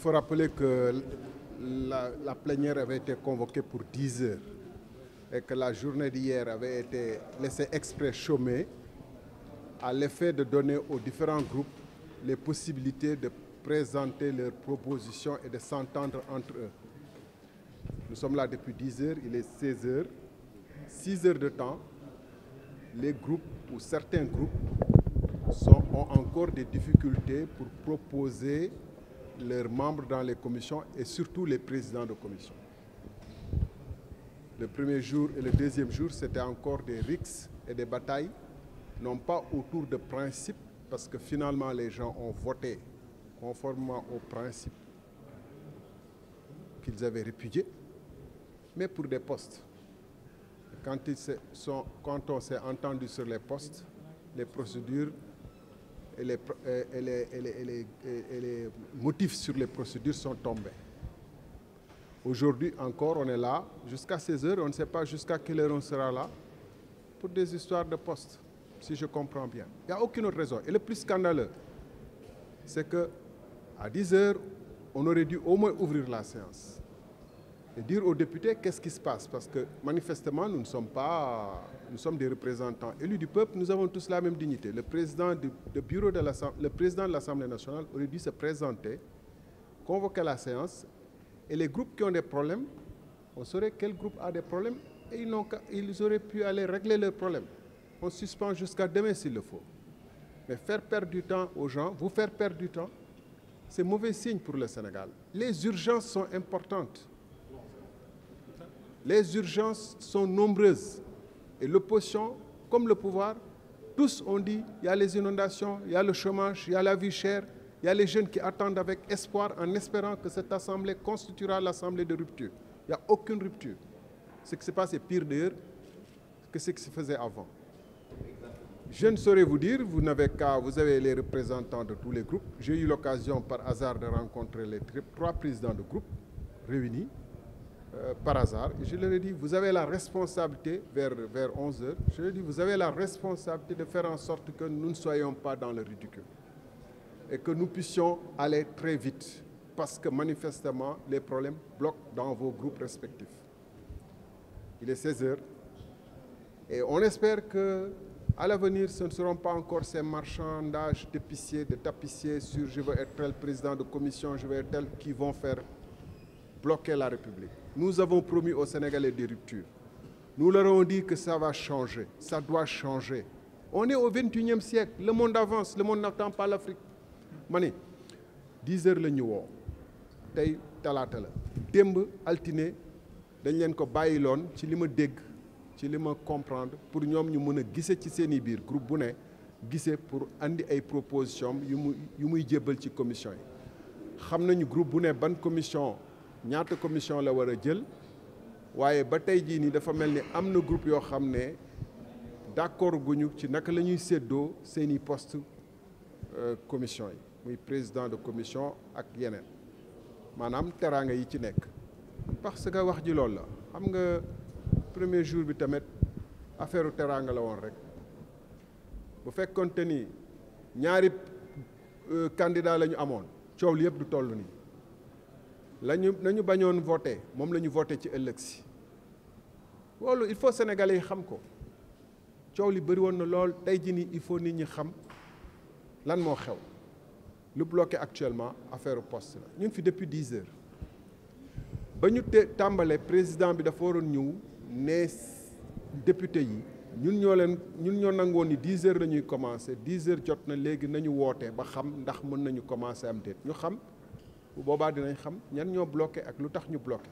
Il faut rappeler que la, plénière avait été convoquée pour 10 heures et que la journée d'hier avait été laissée exprès chômée à l'effet de donner aux différents groupes les possibilités de présenter leurs propositions et de s'entendre entre eux. Nous sommes là depuis 10 heures, il est 16 heures. 6 heures de temps, les groupes ou certains groupes ont encore des difficultés pour proposer leurs membres dans les commissions et surtout les présidents de commissions. Le premier jour et le deuxième jour, c'était encore des rixes et des batailles, non pas autour de principes, parce que finalement les gens ont voté conformément aux principes qu'ils avaient répudiés, mais pour des postes. Quand, ils sont, quand on s'est entendu sur les postes, les procédures et les, motifs sur les procédures sont tombés. Aujourd'hui encore, on est là jusqu'à 16 heures. On ne sait pas jusqu'à quelle heure on sera là pour des histoires de poste, si je comprends bien. Il n'y a aucune autre raison. Et le plus scandaleux, c'est que à 10 heures, on aurait dû au moins ouvrir la séance et dire aux députés qu'est-ce qui se passe. Parce que manifestement, nous ne sommes pas, nous sommes des représentants élus du peuple, nous avons tous la même dignité. Le président, du, bureau de le président de l'Assemblée nationale aurait dû se présenter, convoquer la séance, et les groupes qui ont des problèmes, on saurait quel groupe a des problèmes, et ils, ils auraient pu aller régler leurs problèmes. On suspend jusqu'à demain s'il le faut. Mais faire perdre du temps aux gens, vous faire perdre du temps, c'est mauvais signe pour le Sénégal. Les urgences sont importantes. Les urgences sont nombreuses et l'opposition, comme le pouvoir, tous ont dit il y a les inondations, il y a le chômage, il y a la vie chère, il y a les jeunes qui attendent avec espoir en espérant que cette assemblée constituera l'assemblée de rupture. Il n'y a aucune rupture. Ce qui se passe est pire d'ailleurs que ce qui se faisait avant. Je ne saurais vous dire, vous n'avez qu'à, vous avez les représentants de tous les groupes. J'ai eu l'occasion par hasard de rencontrer les trois présidents de groupe réunis euh, par hasard. je leur ai dit, vous avez la responsabilité, vers, vers 11 h je leur ai dit, vous avez la responsabilité de faire en sorte que nous ne soyons pas dans le ridicule et que nous puissions aller très vite parce que manifestement, les problèmes bloquent dans vos groupes respectifs. Il est 16 h et on espère que à l'avenir, ce ne seront pas encore ces marchandages d'épiciers, de tapissiers sur je veux être tel président de commission, je veux être tel qui vont faire bloquer la République. Nous avons promis aux Sénégalais des ruptures. Nous leur avons dit que ça va changer, ça doit changer. On est au 21e siècle, le monde avance, le monde n'attend pas l'Afrique. Mané, 10 heures la ñu woo tey talaata la démb altine dañ leen ko bàyyiloon ci li ma ci li comprendre pour ñom ñu mëna a gise ci seen i biir groupe bu né gise pour andi ay proposition yu mu yu muy ci commission yi xam nañu groupe bu né ban commission ñaata commission la war a jël waaye ba tey jii nii dafa mel ni na groupe yoo xam ne d'accord guñu ci naka la ñuy séddoo seeni poste euh, commission yi muy président de commission ak yeneen maanaam teraanga yi ci nekk parce que wax ji loolu la xam nga premier jour bi tamit affaire u la woon rek bu fekkonte ni ñaari euh, candidat la ñu amoon coow li yëpp du toll nii lañu bañoon voté moom lañu ñu voté ci ëllëg si loolu il faut sénégalais yi xam ko coow li bëri woon na lool tey jii nii il faut nit ñi xam lan moo xew lu bloqué actuellement affaire poste la ñun fi depuis dix heures ba ñu te président bi dafa waroon ñëw ne député yi ñun ñoo leen ñun ñoo nangoon ni dix heures la ñuy commencé dix heures jot na léegi nañu woote ba xam ndax mën nañu commencé am déet ñu xam. bu boobaa dinañ xam ñan ñoo bloqué ak lu tax ñu bloqué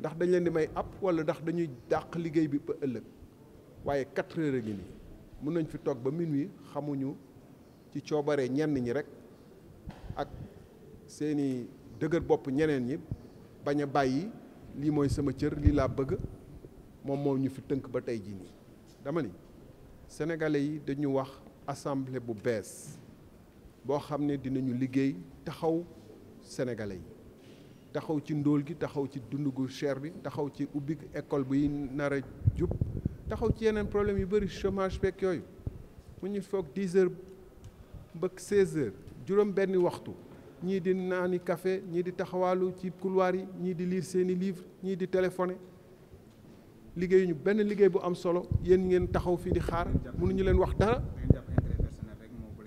ndax dañ leen di may app wala ndax dañuy dàq liggéey bi ba ëllëg waaye quatre heures a ngi nii mun nañ fi toog ba minuit xamuñu ci coobaree ñenn ñi rek ak seeni dëgër bopp ñeneen ñi bañ a bàyyi lii mooy sama cër lii laa bëgg moom moom ñu fi tënk ba tey jii nii dama ni sénégalais yi dañu wax assamble bu bees boo xam ne dinañu liggéey taxaw sénégalais yi taxaw ci ndóol gi taxaw ci dund gu cher bi taxaw ci ubbi école bi nara a jub taxaw ci yeneen problème yu bari chômage beeg yooyu mu ñu foog 10 heures ba 16 heures juróom benni waxtu ñii di naani kafe ñii di taxawaalu ci couloir yi ñii di lire seeni livre ñii di téléphoné ñu benn liggéey bu am solo yéen ngeen taxaw fii di xaar ñu leen wax dara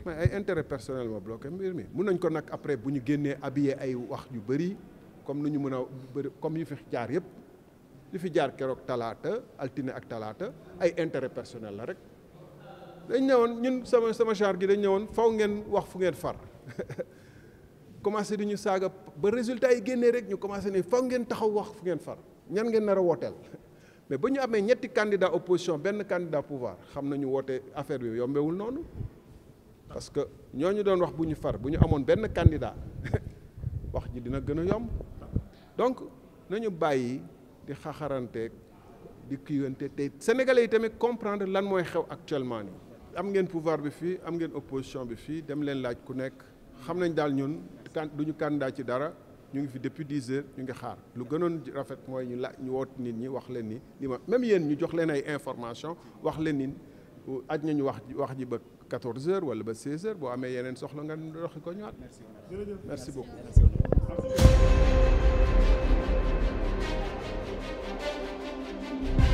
mais ay intérêt personnel moo bloqué mbir mi mun nañ ko nag après bu ñu génnee habillé ay wax yu bëri comme nu ñu mën a bëri comme yu fi jaar yëpp yu fi jaar keroog talaata altine ak talaata ay intérêt personnel la rek dañ ñëwoon ñun sama sama charge gi dañ ñëwoon faw ngeen wax fu ngeen far commencé di ñu saaga ba résultat yi génnee rek ñu commencé ne faw ngeen taxaw wax fu ngeen far ñan ngeen nar wooteel mais ba ñu amee ñetti candidat opposition benn candidat pouvoir xam nañu woote affaire bi noonu parce que ñooñu doon wax bu ñu far bu ñu amoon benn candidat wax ji dina gëna a donc nañu bayyi di xaxaranteeg di kiiwante té sénégalais yi tamit comprendre lan moy xew actuellement ni am ngeen pouvoir bi fi am ngeen opposition bi fi dem leen laaj ku nekk xam nañ dal ñun duñu candidat ci dara ñu ngi fi depuis 10h ñu ngi xaar lu gënon rafet moy ñu laaj ñu wot nit ñi wax leen ni li même yeen ñu jox leen ay information wax leen ni aj nañu wax wax ji bëgg 14 heures wala ba 16 heures boo amee yeneen soxla nga doxi ko ñëwaat. merci beaucoup merci beaucoup.